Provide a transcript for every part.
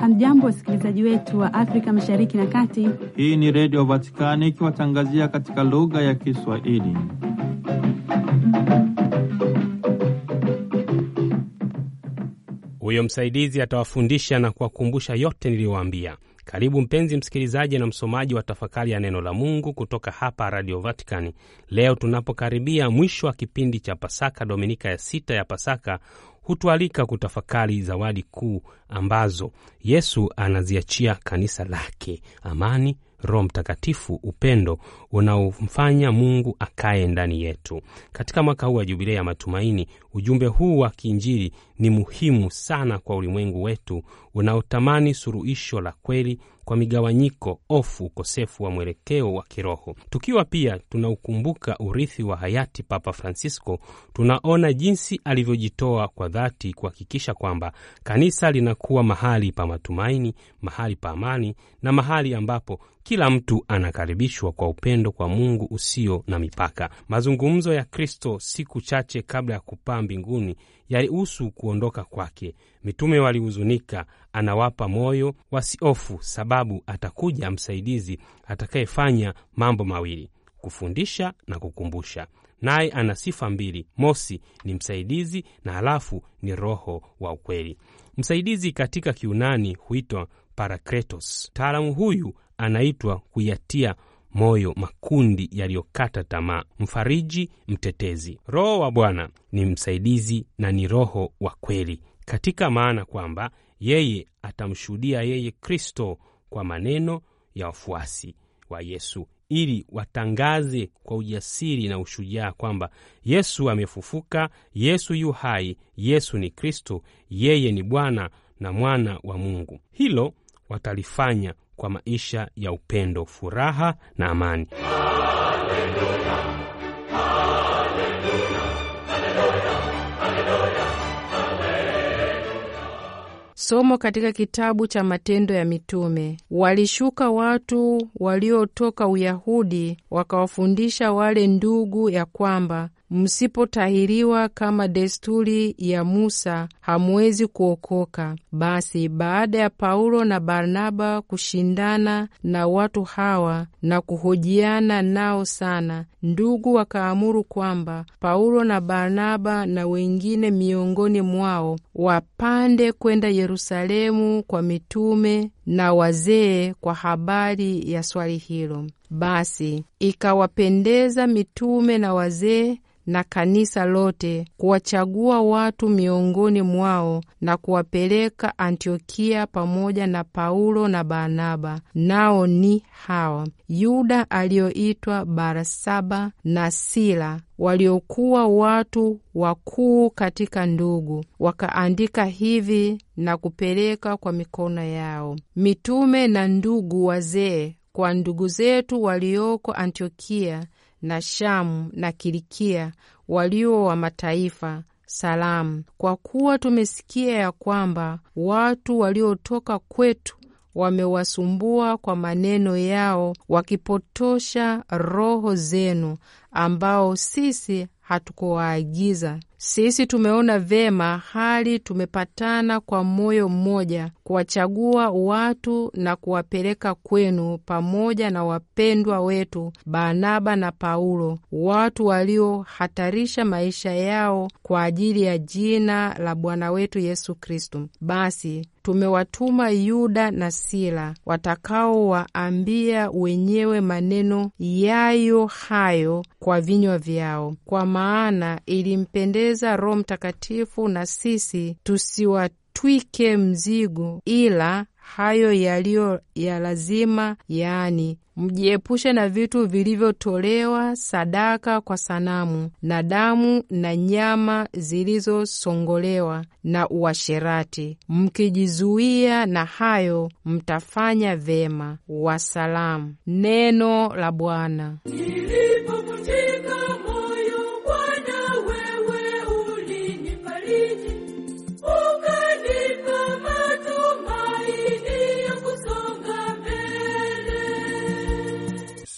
Hamjambo, wasikilizaji wetu wa Afrika mashariki na kati. Hii ni Redio Vatikani ikiwatangazia katika lugha ya Kiswahili. Huyo msaidizi atawafundisha na kuwakumbusha yote niliyowaambia. Karibu mpenzi msikilizaji na msomaji wa tafakari ya neno la Mungu kutoka hapa Radio Vaticani. Leo tunapokaribia mwisho wa kipindi cha Pasaka, dominika ya sita ya Pasaka, hutualika kutafakari zawadi kuu ambazo Yesu anaziachia kanisa lake: amani, Roho Mtakatifu, upendo unaomfanya Mungu akae ndani yetu. Katika mwaka huu wa Jubilei ya Matumaini, ujumbe huu wa kiinjili ni muhimu sana kwa ulimwengu wetu unaotamani suruhisho la kweli kwa migawanyiko, ofu, ukosefu wa mwelekeo wa kiroho. Tukiwa pia tunaukumbuka urithi wa hayati Papa Francisco, tunaona jinsi alivyojitoa kwa dhati kuhakikisha kwamba kanisa linakuwa mahali pa matumaini, mahali pa amani na mahali ambapo kila mtu anakaribishwa kwa upendo kwa Mungu usio na mipaka. Mazungumzo ya Kristo siku chache kabla ya kupaa mbinguni yalihusu kuondoka kwake. Mitume walihuzunika, anawapa moyo wasiofu, sababu atakuja msaidizi atakayefanya mambo mawili, kufundisha na kukumbusha. Naye ana sifa mbili: mosi ni msaidizi na halafu ni Roho wa ukweli. Msaidizi katika Kiunani huitwa Parakletos. Mtaalamu huyu anaitwa kuyatia moyo makundi yaliyokata tamaa, mfariji, mtetezi. Roho wa Bwana ni msaidizi na ni Roho wa kweli, katika maana kwamba yeye atamshuhudia yeye Kristo kwa maneno ya wafuasi wa Yesu ili watangaze kwa ujasiri na ushujaa kwamba Yesu amefufuka, Yesu yu hai, Yesu ni Kristo, yeye ni Bwana na mwana wa Mungu. Hilo watalifanya kwa maisha ya upendo, furaha na amani. Somo katika kitabu cha Matendo ya Mitume. Walishuka watu waliotoka Uyahudi wakawafundisha wale ndugu ya kwamba Msipotahiriwa kama desturi ya Musa hamuwezi kuokoka. Basi baada ya Paulo na Barnaba kushindana na watu hawa na kuhojiana nao sana, ndugu wakaamuru kwamba Paulo na Barnaba na wengine miongoni mwao wapande kwenda Yerusalemu kwa mitume na wazee kwa habari ya swali hilo. Basi ikawapendeza mitume na wazee na kanisa lote kuwachagua watu miongoni mwao na kuwapeleka Antiokia pamoja na Paulo na Barnaba. Nao ni hawa: Yuda aliyoitwa Barasaba na Sila waliokuwa watu wakuu katika ndugu, wakaandika hivi na kupeleka kwa mikono yao mitume na ndugu wazee, kwa ndugu zetu walioko Antiokia na Shamu na Kilikia, walio wa mataifa Salamu. Kwa kuwa tumesikia ya kwamba watu waliotoka kwetu wamewasumbua kwa maneno yao, wakipotosha roho zenu, ambao sisi hatukuwaagiza. Sisi tumeona vema hali tumepatana kwa moyo mmoja kuwachagua watu na kuwapeleka kwenu, pamoja na wapendwa wetu Barnaba na Paulo, watu waliohatarisha maisha yao kwa ajili ya jina la Bwana wetu Yesu Kristo. Basi tumewatuma Yuda na Sila watakaowaambia wenyewe maneno yayo hayo kwa vinywa vyao, kwa maana ilimpendeza Roho Mtakatifu na sisi tusiwatwike mzigo ila hayo yaliyo ya lazima, yaani Mjiepushe na vitu vilivyotolewa sadaka kwa sanamu na damu na nyama zilizosongolewa na uasherati. Mkijizuia na hayo, mtafanya vema. Wasalamu. Neno la Bwana.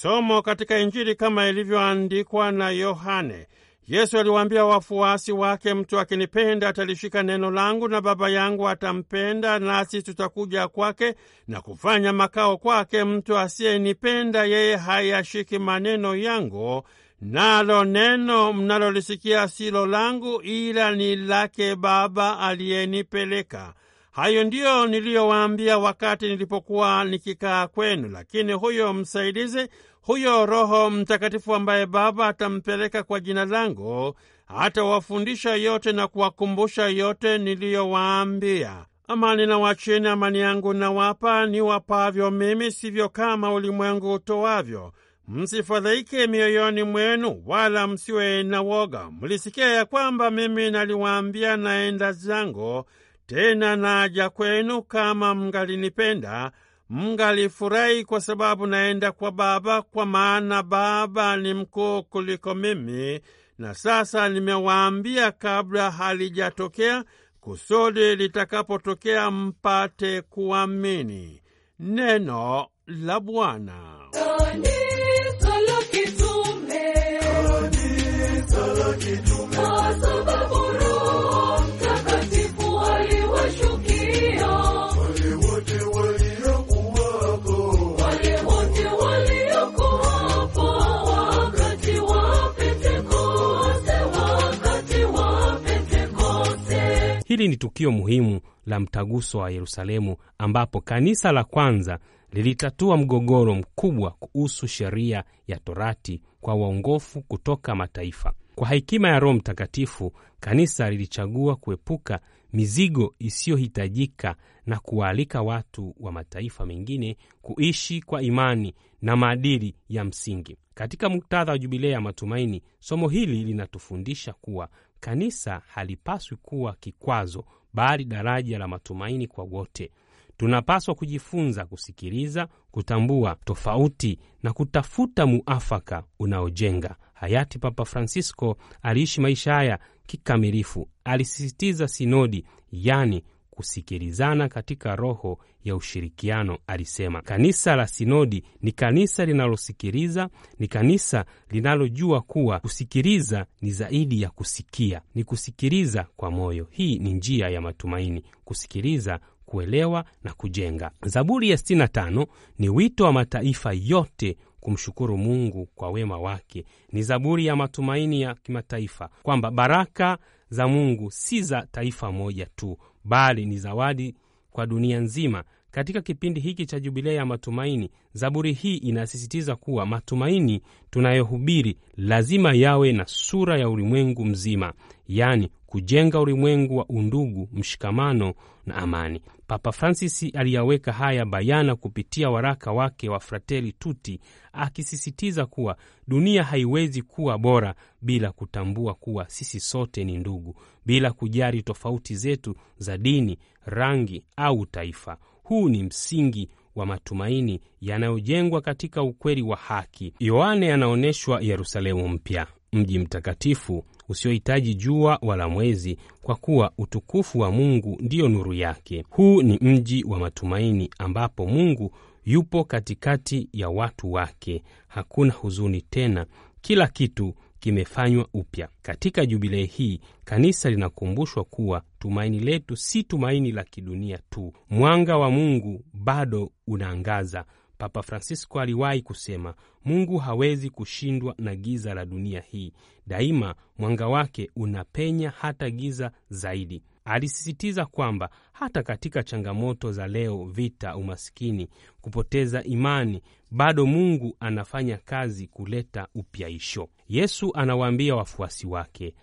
Somo katika Injili kama ilivyoandikwa na Yohane. Yesu aliwaambia wafuasi wake, mtu akinipenda atalishika neno langu, na Baba yangu atampenda, nasi tutakuja kwake na kufanya makao kwake. Mtu asiyenipenda yeye hayashiki maneno yangu, nalo neno mnalolisikia silo langu, ila ni lake Baba aliyenipeleka. Hayo ndiyo niliyowaambia wakati nilipokuwa nikikaa kwenu, lakini huyo msaidizi, huyo Roho Mtakatifu ambaye Baba atampeleka kwa jina langu, atawafundisha yote na kuwakumbusha yote niliyowaambia. Amani na wachini, amani yangu nawapa, wapavyo mimi, sivyo kama ulimwengu utoavyo. Msifadhaike mioyoni mwenu, wala msiwe na woga. Mlisikia ya kwamba mimi naliwaambia, naenda zangu tena naja kwenu, kama mngalinipenda mngalifurahi, kwa sababu naenda kwa Baba, kwa maana Baba ni mkuu kuliko mimi, na sasa nimewaambia kabla halijatokea, kusudi litakapotokea mpate kuamini. Neno la Bwana. Hili ni tukio muhimu la mtaguso wa Yerusalemu ambapo kanisa la kwanza lilitatua mgogoro mkubwa kuhusu sheria ya Torati kwa waongofu kutoka mataifa. Kwa hekima ya Roho Mtakatifu, kanisa lilichagua kuepuka mizigo isiyohitajika na kuwaalika watu wa mataifa mengine kuishi kwa imani na maadili ya msingi. Katika muktadha wa jubilea ya Matumaini, somo hili linatufundisha kuwa Kanisa halipaswi kuwa kikwazo, bali daraja la matumaini kwa wote. Tunapaswa kujifunza kusikiliza, kutambua tofauti na kutafuta muafaka unaojenga. Hayati Papa Francisco aliishi maisha haya kikamilifu. Alisisitiza sinodi, yani kusikilizana katika roho ya ushirikiano, alisema. Kanisa la Sinodi ni kanisa linalosikiliza, ni kanisa linalojua kuwa kusikiliza ni zaidi ya kusikia, ni kusikiliza kwa moyo. Hii ni njia ya matumaini, kusikiliza kuelewa na kujenga. Zaburi ya 65 ni wito wa mataifa yote kumshukuru Mungu kwa wema wake. Ni zaburi ya matumaini ya kimataifa kwamba baraka za Mungu si za taifa moja tu, bali ni zawadi kwa dunia nzima. Katika kipindi hiki cha Jubilei ya matumaini, Zaburi hii inasisitiza kuwa matumaini tunayohubiri lazima yawe na sura ya ulimwengu mzima, yaani kujenga ulimwengu wa undugu, mshikamano na amani. Papa Francis aliyaweka haya bayana kupitia waraka wake wa frateli tuti akisisitiza kuwa dunia haiwezi kuwa bora bila kutambua kuwa sisi sote ni ndugu, bila kujali tofauti zetu za dini, rangi au taifa. Huu ni msingi wa matumaini yanayojengwa katika ukweli wa haki. Yohane anaonyeshwa Yerusalemu mpya mji mtakatifu usiohitaji jua wala mwezi, kwa kuwa utukufu wa Mungu ndiyo nuru yake. Huu ni mji wa matumaini, ambapo Mungu yupo katikati ya watu wake. Hakuna huzuni tena, kila kitu kimefanywa upya. Katika jubilei hii, kanisa linakumbushwa kuwa tumaini letu si tumaini la kidunia tu. Mwanga wa Mungu bado unaangaza Papa Francisco aliwahi kusema, Mungu hawezi kushindwa na giza la dunia hii. Daima mwanga wake unapenya hata giza zaidi. Alisisitiza kwamba hata katika changamoto za leo, vita, umasikini kupoteza imani, bado Mungu anafanya kazi kuleta upyaisho. Yesu anawaambia wafuasi wake,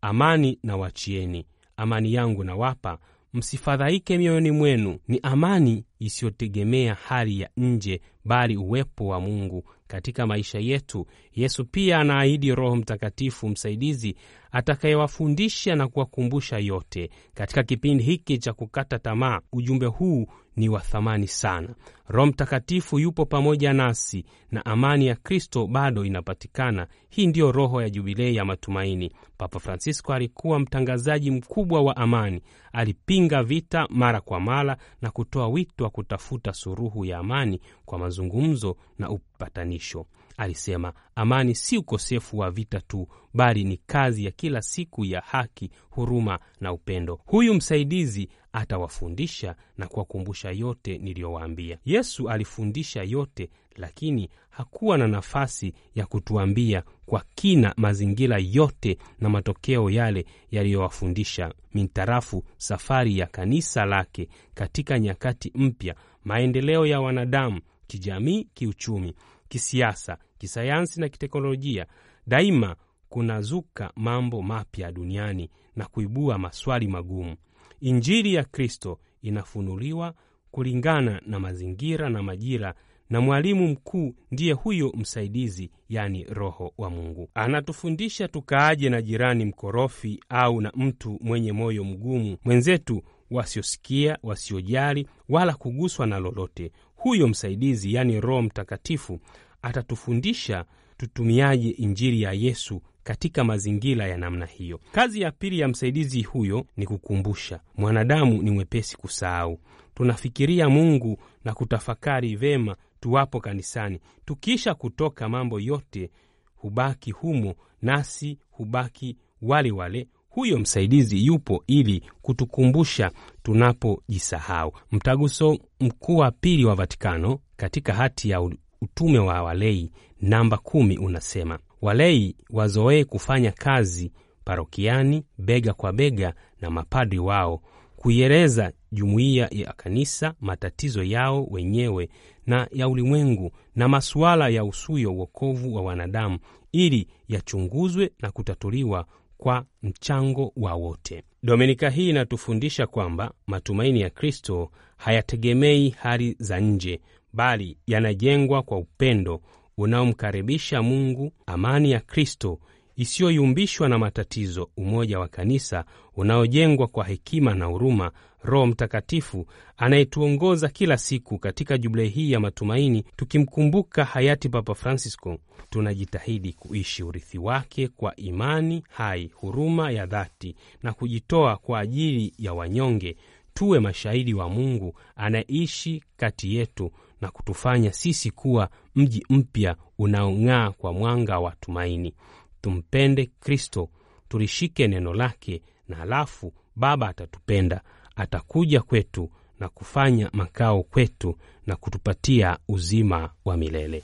amani wachieni amani yangu nawapa msifadhaike mioyoni mwenu, ni amani isiyotegemea hali ya nje, bali uwepo wa Mungu katika maisha yetu. Yesu pia anaahidi Roho Mtakatifu, msaidizi atakayewafundisha na kuwakumbusha yote. Katika kipindi hiki cha kukata tamaa, ujumbe huu ni wa thamani sana. Roho Mtakatifu yupo pamoja nasi na amani ya Kristo bado inapatikana. Hii ndiyo roho ya Jubilei ya matumaini. Papa Francisco alikuwa mtangazaji mkubwa wa amani, alipinga vita mara kwa mara na kutoa wito wa kutafuta suluhu ya amani kwa mazungumzo na upatanisho. Alisema amani si ukosefu wa vita tu, bali ni kazi ya kila siku ya haki, huruma na upendo. Huyu msaidizi atawafundisha na kuwakumbusha yote niliyowaambia. Yesu alifundisha yote, lakini hakuwa na nafasi ya kutuambia kwa kina mazingira yote na matokeo yale yaliyowafundisha mintarafu safari ya kanisa lake katika nyakati mpya, maendeleo ya wanadamu kijamii, kiuchumi, kisiasa, kisayansi na kiteknolojia. Daima kunazuka mambo mapya duniani na kuibua maswali magumu. Injili ya Kristo inafunuliwa kulingana na mazingira na majira, na mwalimu mkuu ndiye huyo msaidizi, yaani Roho wa Mungu. Anatufundisha tukaaje na jirani mkorofi au na mtu mwenye moyo mgumu mwenzetu, wasiosikia, wasiojali wala kuguswa na lolote. Huyo msaidizi, yaani Roho Mtakatifu, atatufundisha tutumiaje injili ya Yesu katika mazingira ya namna hiyo. Kazi ya pili ya msaidizi huyo ni kukumbusha. Mwanadamu ni mwepesi kusahau. Tunafikiria Mungu na kutafakari vema tuwapo kanisani, tukiisha kutoka mambo yote hubaki humo, nasi hubaki wale wale. Huyo msaidizi yupo ili kutukumbusha tunapojisahau. Mtaguso Mkuu wa Pili wa Vatikano katika hati ya utume wa walei namba kumi unasema walei wazoee kufanya kazi parokiani bega kwa bega na mapadri wao, kuieleza jumuiya ya kanisa matatizo yao wenyewe na ya ulimwengu na masuala ya usuyo uokovu wa wanadamu, ili yachunguzwe na kutatuliwa kwa mchango wa wote. Dominika hii inatufundisha kwamba matumaini ya Kristo hayategemei hali za nje, bali yanajengwa kwa upendo unaomkaribisha Mungu, amani ya Kristo isiyoyumbishwa na matatizo, umoja wa kanisa unaojengwa kwa hekima na huruma, Roho Mtakatifu anayetuongoza kila siku katika jubilei hii ya matumaini. Tukimkumbuka hayati Papa Francisco, tunajitahidi kuishi urithi wake kwa imani hai, huruma ya dhati na kujitoa kwa ajili ya wanyonge. Tuwe mashahidi wa Mungu anayeishi kati yetu na kutufanya sisi kuwa mji mpya unaong'aa kwa mwanga wa tumaini. Tumpende Kristo, tulishike neno lake, na halafu Baba atatupenda, atakuja kwetu na kufanya makao kwetu na kutupatia uzima wa milele.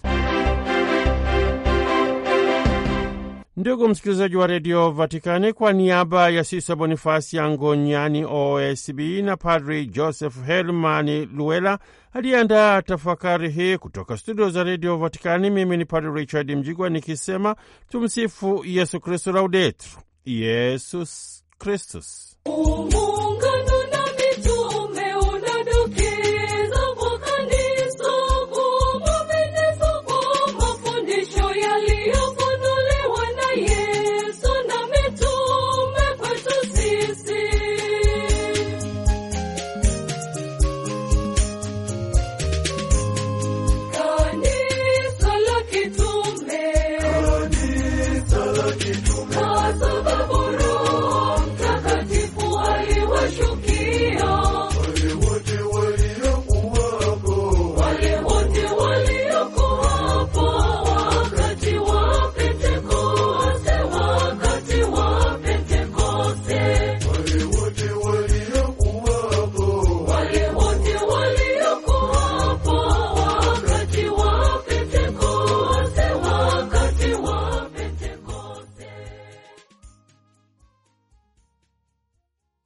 Ndugu msikilizaji wa redio Vatikani, kwa niaba ya Sisa Bonifasi ya OSB na Padri Joseph Hermani Luela aliyeandaa tafakari hii kutoka studio za redio Vatikani, mimi ni Padri Richard Mjigwa nikisema tumsifu Yesu Kristu, laudetur Yesus Kristus.